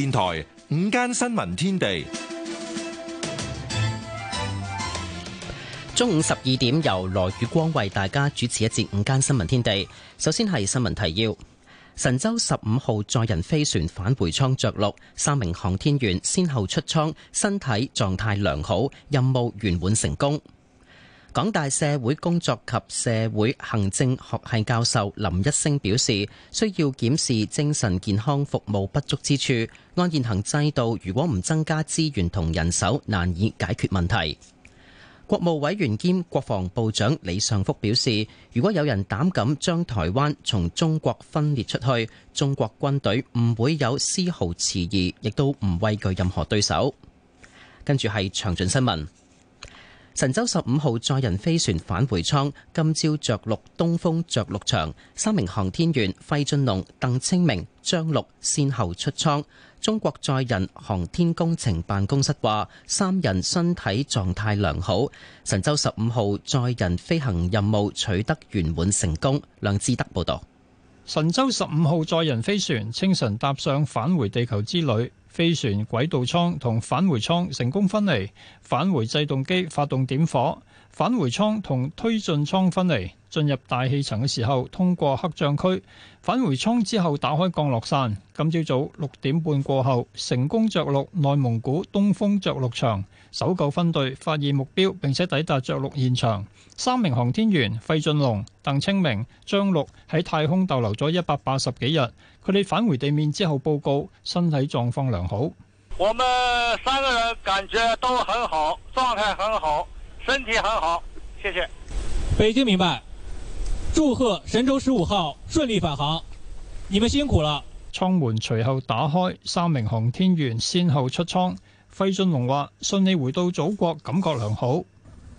電台五間新聞天地，中午十二點由羅宇光為大家主持一節午間新聞天地。首先係新聞提要：神舟十五號載人飛船返回艙着陸，三名航天員先後出艙，身體狀態良好，任務圓滿成功。港大社會工作及社會行政學系教授林一星表示，需要檢視精神健康服務不足之處。按現行制度，如果唔增加資源同人手，難以解決問題。國務委員兼國防部長李尚福表示，如果有人膽敢將台灣從中國分裂出去，中國軍隊唔會有絲毫遲疑，亦都唔畏懼任何對手。跟住係詳盡新聞。神舟十五號載人飛船返回艙，今朝着陸東風着陸場，三名航天員費俊龍、鄧清明、張陸先後出艙。中國載人航天工程辦公室話，三人身體狀態良好，神舟十五號載人飛行任務取得圓滿成功。梁志德報導。神舟十五號載人飛船清晨踏上返回地球之旅，飛船軌道艙同返回艙成功分離，返回制動機發動點火，返回艙同推進艙分離，進入大氣層嘅時候通過黑障區，返回艙之後打開降落傘。今朝早六點半過後，成功着陸內蒙古東風着陸場，搜救分隊發現目標，並且抵達着陸現場。三名航天員費俊龍、鄧清明、張陸喺太空逗留咗一百八十幾日，佢哋返回地面之後報告身體狀況良好。我們三個人感覺都很好，狀態很好，身體很好，謝謝。北京明白，祝賀神舟十五號順利返航，你們辛苦了。艙門隨後打開，三名航天員先後出艙。費俊龍話：順利回到祖國，感覺良好。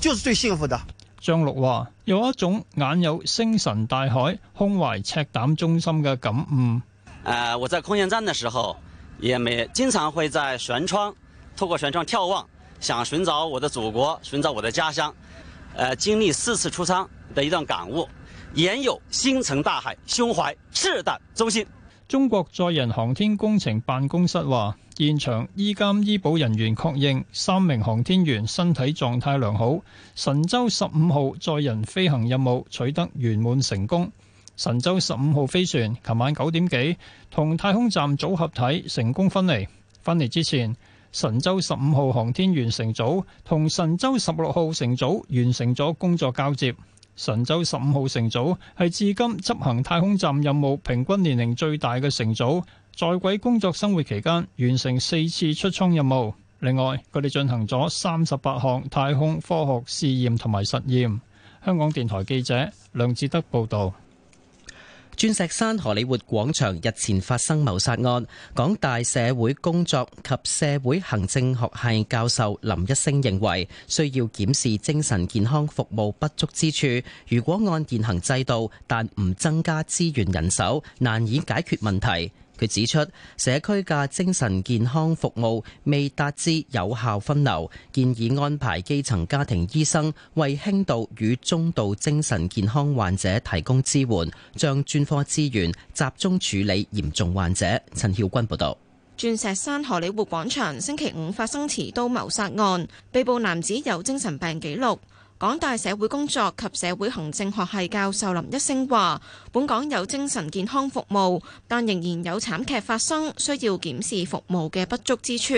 就是最幸福的。張陸話，有一種眼有星辰大海，胸懷赤膽忠心的感悟。呃，我在空間站的時候，也沒經常會在舷窗，透過舷窗眺望，想尋找我的祖國，尋找我的家鄉。誒、呃，經歷四次出艙的一段感悟，眼有星辰大海，胸懷赤膽忠心。中國載人航天工程辦公室話，現場醫監醫保人員確認三名航天員身體狀態良好，神舟十五號載人飛行任務取得圓滿成功。神舟十五號飛船琴晚九點幾同太空站組合體成功分離，分離之前，神舟十五號航天員乘組同神舟十六號乘組完成咗工作交接。神舟十五號乘組係至今執行太空站任務平均年齡最大嘅乘組，在軌工作生活期間完成四次出艙任務，另外佢哋進行咗三十八項太空科學試驗同埋實驗。香港電台記者梁志德報道。鑽石山荷里活廣場日前發生謀殺案，港大社會工作及社會行政學系教授林一星認為，需要檢視精神健康服務不足之處。如果按現行制度，但唔增加資源人手，難以解決問題。佢指出，社區嘅精神健康服務未達至有效分流，建議安排基層家庭醫生為輕度與中度精神健康患者提供支援，將專科資源集中處理嚴重患者。陳曉君報導。鑽石山荷里活廣場星期五發生持刀謀殺案，被捕男子有精神病記錄。港大社會工作及社會行政學系教授林一星話：本港有精神健康服務，但仍然有慘劇發生，需要檢視服務嘅不足之處。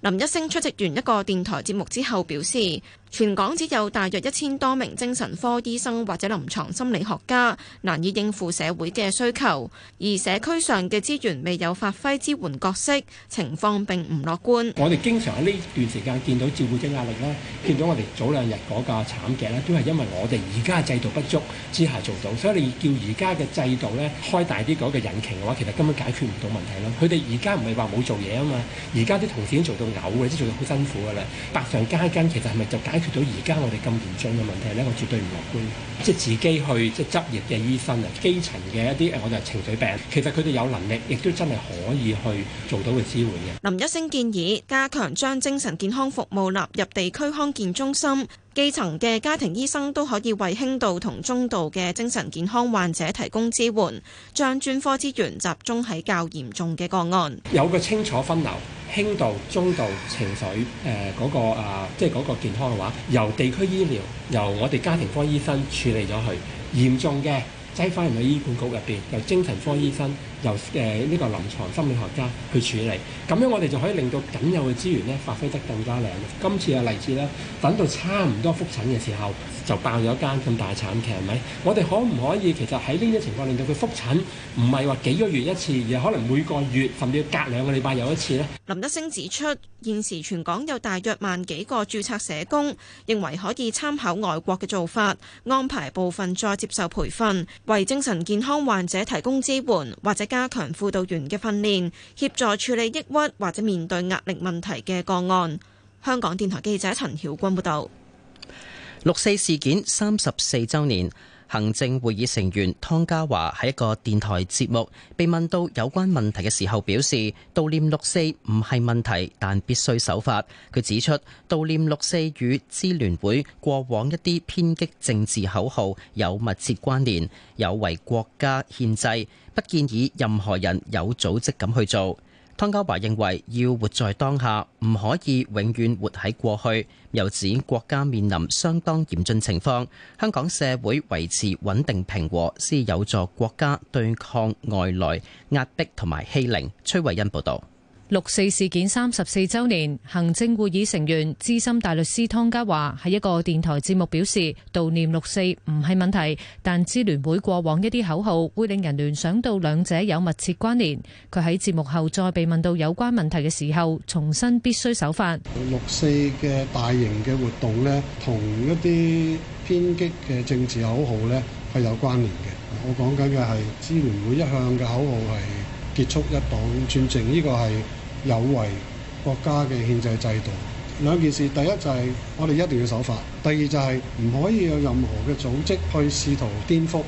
林一星出席完一個電台節目之後表示。全港只有大約一千多名精神科醫生或者臨牀心理學家，難以應付社會嘅需求，而社區上嘅資源未有發揮支援角色，情況並唔樂觀。我哋經常喺呢段時間見到照顧者壓力啦，見到我哋早兩日嗰個慘劇咧，都係因為我哋而家制度不足之下做到。所以你叫而家嘅制度咧，開大啲嗰個引擎嘅話，其實根本解決唔到問題咯。佢哋而家唔係話冇做嘢啊嘛，而家啲同事都做到嘔嘅，即係做到好辛苦嘅啦。百上加斤，其實係咪就解？解決到而家我哋咁嚴重嘅問題呢，我絕對唔樂觀。即係自己去即係執業嘅醫生啊，基層嘅一啲誒，我哋情緒病，其實佢哋有能力，亦都真係可以去做到嘅支援嘅。林一星建議加強將精神健康服務納入地區康健中心，基層嘅家庭醫生都可以為輕度同中度嘅精神健康患者提供支援，將專科資源集中喺較嚴重嘅個案，有個清楚分流。輕度、中度情緒誒嗰個啊，即係嗰個健康嘅話，由地區醫療、由我哋家庭科醫生處理咗佢。嚴重嘅擠翻入去醫管局入邊，由精神科醫生、由誒呢、呃這個臨床心理學家去處理。咁樣我哋就可以令到僅有嘅資源咧發揮得更加靚。今次嘅例子咧，等到差唔多復診嘅時候。就爆咗間咁大慘劇，係咪？我哋可唔可以其實喺呢啲情況令到佢復診？唔係話幾個月一次，而可能每個月，甚至要隔兩個禮拜有一次呢。林德星指出，現時全港有大約萬幾個註冊社工，認為可以參考外國嘅做法，安排部分再接受培訓，為精神健康患者提供支援，或者加強輔導員嘅訓練，協助處理抑鬱或者面對壓力問題嘅個案。香港電台記者陳曉君報導。六四事件三十四周年，行政會議成員湯家驊喺一個電台節目被問到有關問題嘅時候，表示悼念六四唔係問題，但必須守法。佢指出，悼念六四與支聯會過往一啲偏激政治口號有密切關聯，有違國家憲制，不建議任何人有組織咁去做。湯家驊認為要活在當下，唔可以永遠活喺過去。又指國家面臨相當嚴峻情況，香港社會維持穩定平和先有助國家對抗外來壓迫同埋欺凌。崔慧恩報道。六四事件三十四周年，行政會議成員資深大律師湯家驊喺一個電台節目表示，悼念六四唔係問題，但支聯會過往一啲口號會令人聯想到兩者有密切關聯，佢喺節目後再被問到有關問題嘅時候，重新必須守法。六四嘅大型嘅活動咧，同一啲偏激嘅政治口號咧係有關聯嘅。我講緊嘅係支聯會一向嘅口號，係結束一黨專政，呢個係。有違國家嘅憲制制度，兩件事。第一就係我哋一定要守法。第二就係唔可以有任何嘅組織去試圖顛覆誒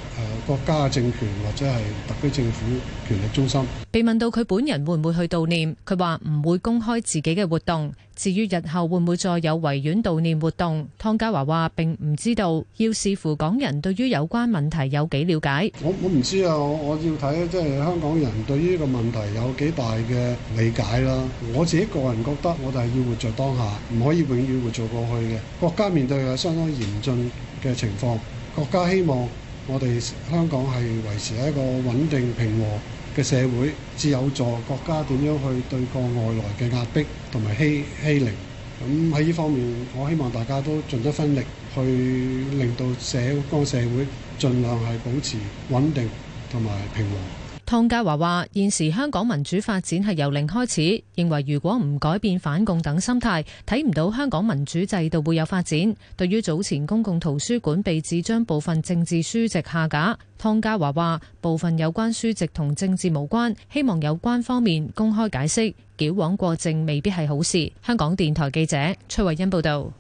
國家政權，或者係特區政府權力中心。被問到佢本人會唔會去悼念，佢話唔會公開自己嘅活動。至於日後會唔會再有維園悼念活動，湯家驊話並唔知道，要視乎港人對於有關問題有幾瞭解。我我唔知啊，我我要睇即係香港人對於呢個問題有幾大嘅理解啦。我自己個人覺得，我哋係要活在當下，唔可以永遠活在過去嘅國家面對。相當嚴峻嘅情況，國家希望我哋香港係維持一個穩定平和嘅社會，只有助國家點樣去對抗外來嘅壓迫同埋欺欺凌。咁喺呢方面，我希望大家都盡一分力，去令到社個社會儘量係保持穩定同埋平和。湯家驊話：現時香港民主發展係由零開始，認為如果唔改變反共等心態，睇唔到香港民主制度會有發展。對於早前公共圖書館被指將部分政治書籍下架，湯家驊話：部分有關書籍同政治無關，希望有關方面公開解釋。矯枉過正未必係好事。香港電台記者崔慧欣報道。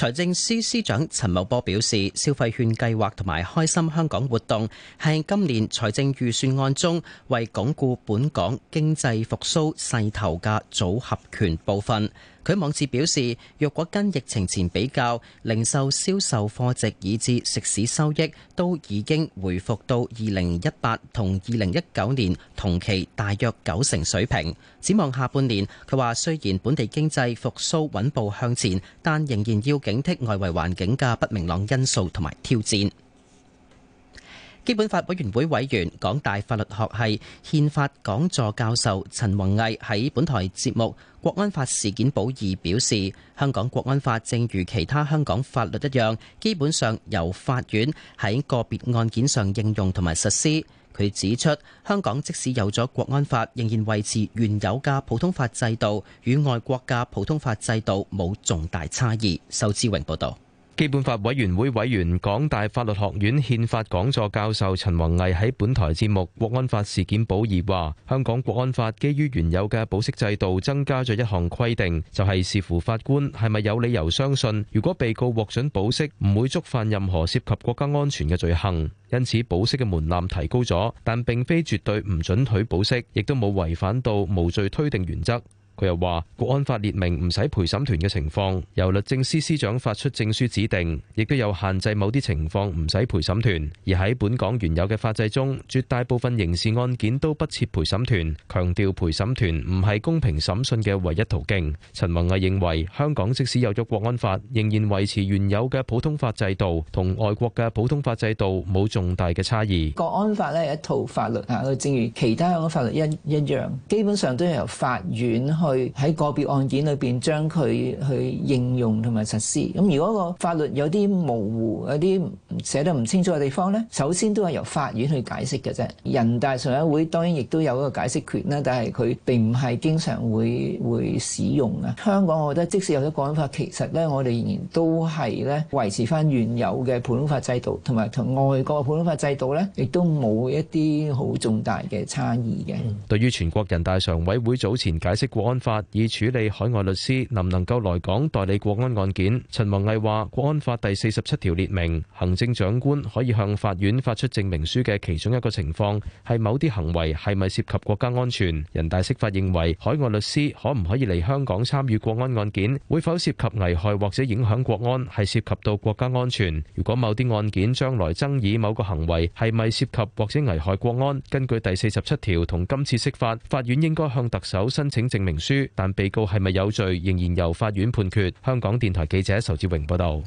財政司司長陳茂波表示，消費券計劃同埋開心香港活動係今年財政預算案中為鞏固本港經濟復甦勢頭嘅組合拳部分。佢網誌表示，若果跟疫情前比較，零售銷售貨值以至食肆收益都已經回復到二零一八同二零一九年同期大約九成水平。展望下半年，佢話雖然本地經濟復甦穩步向前，但仍然要警惕外圍環境嘅不明朗因素同埋挑戰。基本法委員會委員，港大法律學系憲法講座教授陳宏毅喺本台節目《國安法事件簿二》表示，香港國安法正如其他香港法律一樣，基本上由法院喺個別案件上應用同埋實施。佢指出，香港即使有咗國安法，仍然維持原有嘅普通法制度，與外國嘅普通法制度冇重大差異，仇志榮報道。基本法委員會委員、港大法律學院憲法講座教授陳宏毅喺本台節目《國安法事件保二》話香港國安法基於原有嘅保釋制度，增加咗一項規定，就係視乎法官係咪有理由相信，如果被告獲准保釋，唔會觸犯任何涉及國家安全嘅罪行。因此保釋嘅門檻提高咗，但並非絕對唔准許保釋，亦都冇違反到無罪推定原則。佢又話：國安法列明唔使陪審團嘅情況，由律政司司長發出證書指定，亦都有限制某啲情況唔使陪審團。而喺本港原有嘅法制中，絕大部分刑事案件都不設陪審團。強調陪審團唔係公平審訊嘅唯一途徑。陳文藝認為，香港即使有咗國安法，仍然維持原有嘅普通法制度，同外國嘅普通法制度冇重大嘅差異。國安法呢係一套法律啊，正如其他香港法律一一樣，基本上都係由法院去去喺個別案件裏邊將佢去應用同埋實施。咁如果個法律有啲模糊、有啲寫得唔清楚嘅地方咧，首先都係由法院去解釋嘅啫。人大常委會當然亦都有一個解釋權啦，但係佢並唔係經常會會使用啊。香港，我覺得即使有咗《國安法》，其實咧我哋仍然都係咧維持翻原有嘅《普通法》制度，同埋同外國《普通法》制度咧，亦都冇一啲好重大嘅差異嘅。對於全國人大常委會早前解釋國安，法以處理海外律師能唔能夠來港代理國安案件？陳弘毅話：國安法第四十七條列明，行政長官可以向法院發出證明書嘅其中一個情況係某啲行為係咪涉及國家安全。人大釋法認為，海外律師可唔可以嚟香港參與國安案件，會否涉及危害或者影響國安，係涉及到國家安全。如果某啲案件將來爭議某個行為係咪涉及或者危害國安，根據第四十七條同今次釋法，法院應該向特首申請證明書。但被告係咪有罪，仍然由法院判決。香港電台記者仇志榮報道。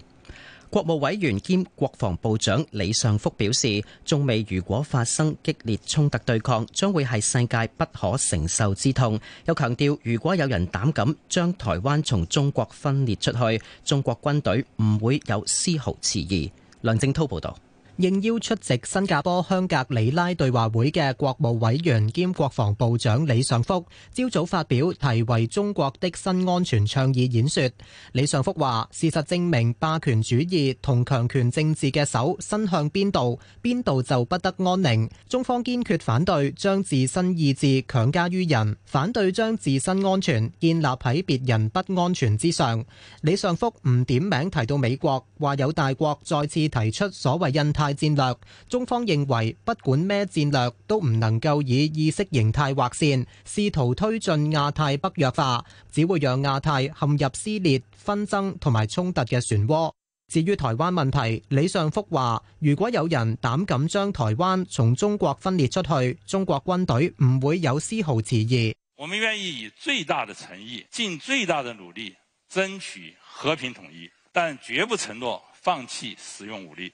國務委員兼國防部長李尚福表示，中美如果發生激烈衝突對抗，將會係世界不可承受之痛。又強調，如果有人膽敢將台灣從中國分裂出去，中國軍隊唔會有絲毫遲疑。梁正濤報道。應邀出席新加坡香格里拉對話會嘅國務委員兼國防部長李尚福，朝早發表題為《中國的新安全倡議》演說。李尚福話：事實證明，霸權主義同強權政治嘅手伸向邊度，邊度就不得安寧。中方堅決反對將自身意志強加於人，反對將自身安全建立喺別人不安全之上。李尚福唔點名提到美國，話有大國再次提出所謂印太大戰略，中方認為不管咩戰略都唔能夠以意識形態劃線，試圖推進亞太北約化，只會讓亞太陷入撕裂、紛爭同埋衝突嘅漩渦。至於台灣問題，李尚福話：如果有人膽敢將台灣從中國分裂出去，中國軍隊唔會有絲毫遲疑。我們願意以最大的誠意、盡最大的努力爭取和平統一，但絕不承諾放棄使用武力。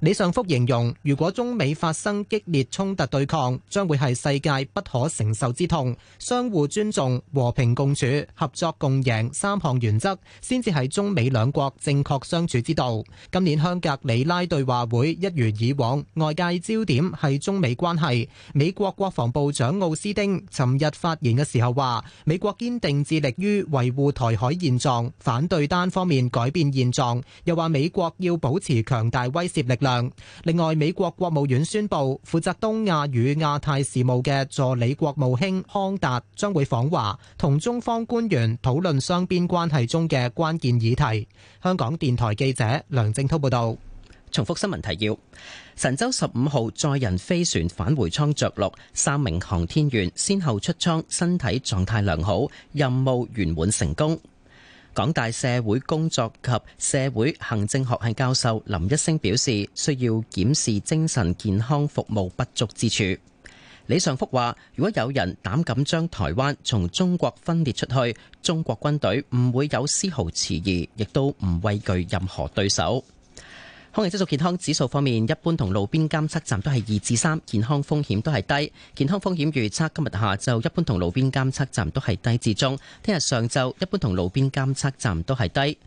李尚福形容，如果中美發生激烈衝突對抗，將會係世界不可承受之痛。相互尊重、和平共處、合作共贏三項原則，先至係中美兩國正確相處之道。今年香格里拉對話會一如以往，外界焦點係中美關係。美國國防部長奧斯丁尋日發言嘅時候話，美國堅定致力於維護台海現狀，反對單方面改變現狀，又話美國要保持強大威懾力。另外，美國國務院宣布，負責東亞與亞太事務嘅助理國務卿康達將會訪華，同中方官員討論雙邊關係中嘅關鍵議題。香港電台記者梁正滔報導。重複新聞提要：神舟十五號載人飛船返回艙着陸，三名航天員先後出艙，身體狀態良好，任務圓滿成功。港大社會工作及社會行政學系教授林一星表示，需要檢視精神健康服務不足之處。李尚福話，如果有人膽敢將台灣從中國分裂出去，中國軍隊唔會有絲毫遲疑，亦都唔畏懼任何對手。空氣質素健康指數方面，一般同路邊監測站都係二至三，健康風險都係低。健康風險預測，今日下晝一般同路邊監測站都係低至中，聽日上晝一般同路邊監測站都係低。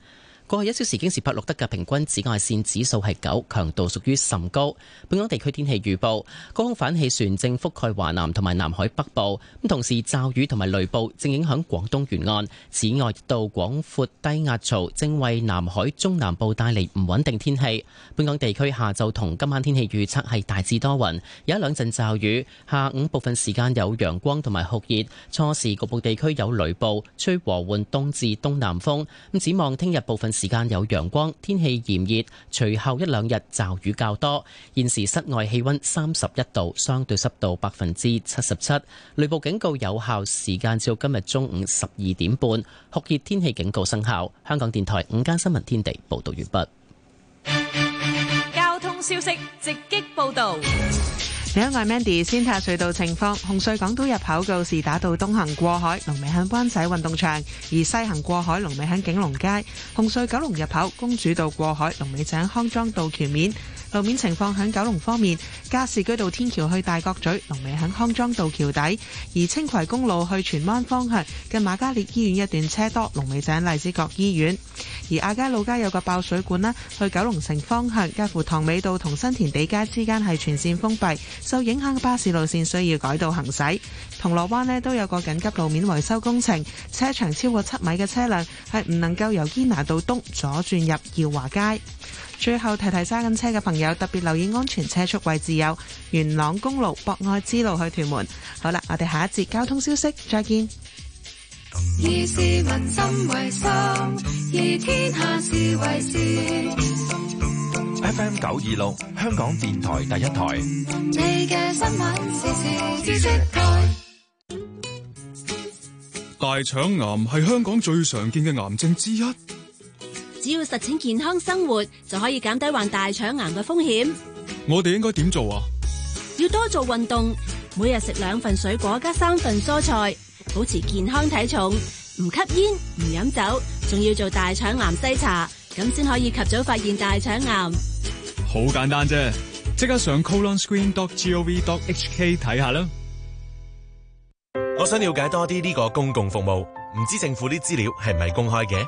過去一小時京士柏錄得嘅平均紫外線指數係九，強度屬於甚高。本港地區天氣預報，高空反氣旋正覆蓋華南同埋南海北部，咁同時驟雨同埋雷暴正影響廣東沿岸。此外，一道廣闊低壓槽正為南海中南部帶嚟唔穩定天氣。本港地區下晝同今晚天氣預測係大致多雲，有一兩陣驟雨。下午部分時間有陽光同埋酷熱，初時局部地區有雷暴，吹和緩東至東南風。咁展望聽日部分時間有陽光，天氣炎熱，隨後一兩日驟雨較多。現時室外氣溫三十一度，相對濕度百分之七十七。雷暴警告有效時間至今日中午十二點半。酷熱天氣警告生效。香港電台午間新聞天地報道完畢。交通消息直擊報道。另外，Mandy 先睇隧道情況，紅隧港島入口告士打道東行過海，龍尾喺灣仔運動場；而西行過海龍尾喺景隆街。紅隧九龍入口公主道過海，龍尾喺康莊道橋面。路面情況喺九龍方面，加士居道天橋去大角咀，龍尾喺康莊道橋底；而青葵公路去荃灣方向，近瑪嘉烈醫院一段車多，龍尾就喺荔枝角醫院。而亞皆老街有個爆水管啦，去九龍城方向，介乎塘尾道同新田地街之間係全線封閉，受影響嘅巴士路線需要改道行駛。銅鑼灣咧都有個緊急路面維修工程，車長超過七米嘅車輛係唔能夠由堅拿道東左轉入耀華街。最後提提揸緊車嘅朋友，特別留意安全車速位置有元朗公路、博愛之路去屯門。好啦，我哋下一節交通消息再見。以市民心為心，以天下事為事。 FM 九二六，香港電台第一台。你嘅新聞時時知識台。大腸癌係香港最常見嘅癌症之一。只要實踐健康生活，就可以減低患大腸癌嘅風險。我哋應該點做啊？要多做運動，每日食兩份水果加三份蔬菜，保持健康體重，唔吸煙唔飲酒，仲要做大腸癌篩查，咁先可以及早發現大腸癌。好簡單啫，啊，即刻上 colon screen dot gov dot hk 睇下啦。我想了解多啲呢個公共服務，唔知政府啲資料係咪公開嘅？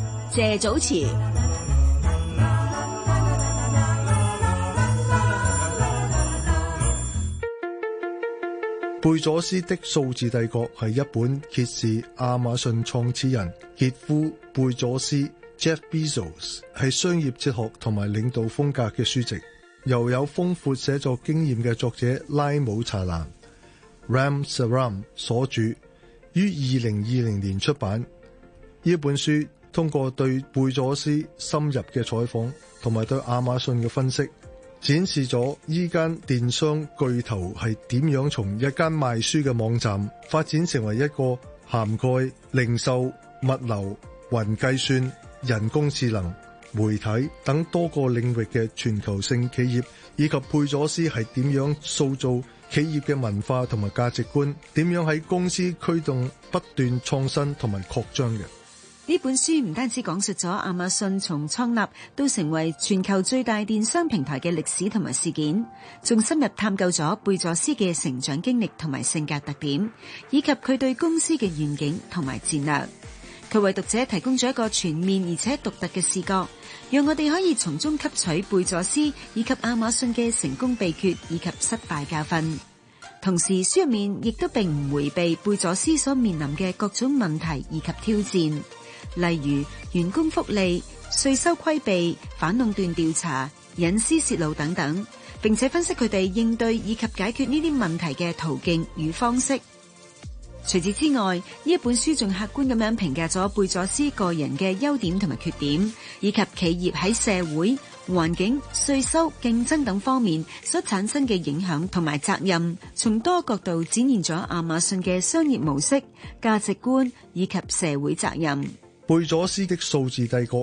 謝祖慈，貝 佐斯的數字帝國係一本揭示亞馬遜創始人傑夫貝佐斯 （Jeff Bezos） 係商業哲學同埋領導風格嘅書籍，又有豐富寫作經驗嘅作者拉姆查蘭 （Ram s a r a m 所著，於二零二零年出版呢本書。通過對貝佐斯深入嘅採訪，同埋對亞馬遜嘅分析，展示咗依間電商巨頭係點樣從一間賣書嘅網站發展成為一個涵蓋零售、物流、雲計算、人工智能、媒體等多個領域嘅全球性企業，以及貝佐斯係點樣塑造企業嘅文化同埋價值觀，點樣喺公司驅動不斷創新同埋擴張嘅。呢本書唔單止講述咗亞馬遜從創立到成為全球最大電商平台嘅歷史同埋事件，仲深入探究咗貝佐斯嘅成長經歷同埋性格特點，以及佢對公司嘅願景同埋戰略。佢為讀者提供咗一個全面而且獨特嘅視角，讓我哋可以從中吸取貝佐斯以及亞馬遜嘅成功秘訣以及失敗教訓。同時，書入面亦都並唔回避貝佐斯所面臨嘅各種問題以及挑戰。例如員工福利、稅收規避、反壟斷調查、隱私洩露等等，並且分析佢哋應對以及解決呢啲問題嘅途徑與方式。除此之，之外，呢一本書仲客觀咁樣評價咗貝佐斯個人嘅優點同埋缺點，以及企業喺社會、環境、稅收、競爭等方面所產生嘅影響同埋責任，從多角度展現咗亞馬遜嘅商業模式、價值觀以及社會責任。貝佐斯的數字帝國。